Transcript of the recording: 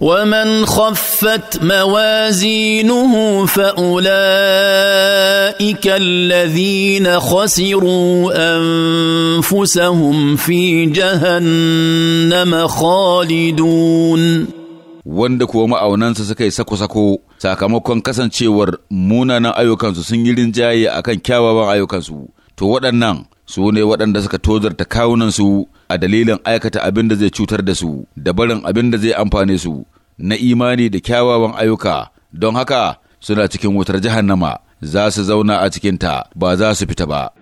ومن خفت موازينه فاولئك الذين خسروا انفسهم في جهنم خالدون wanda kuwa ma'aunansa suka yi sako-sako sakamakon kasancewar munanan ayyukansu sun yi rinjaye a kan kyawawan ayyukansu to waɗannan su ne waɗanda suka tozarta kawunansu a dalilin aikata abin da zai cutar da su da barin abin da zai amfane su na imani da kyawawan ayyuka don haka suna cikin wutar jahannama za su zauna a cikinta ba za su fita ba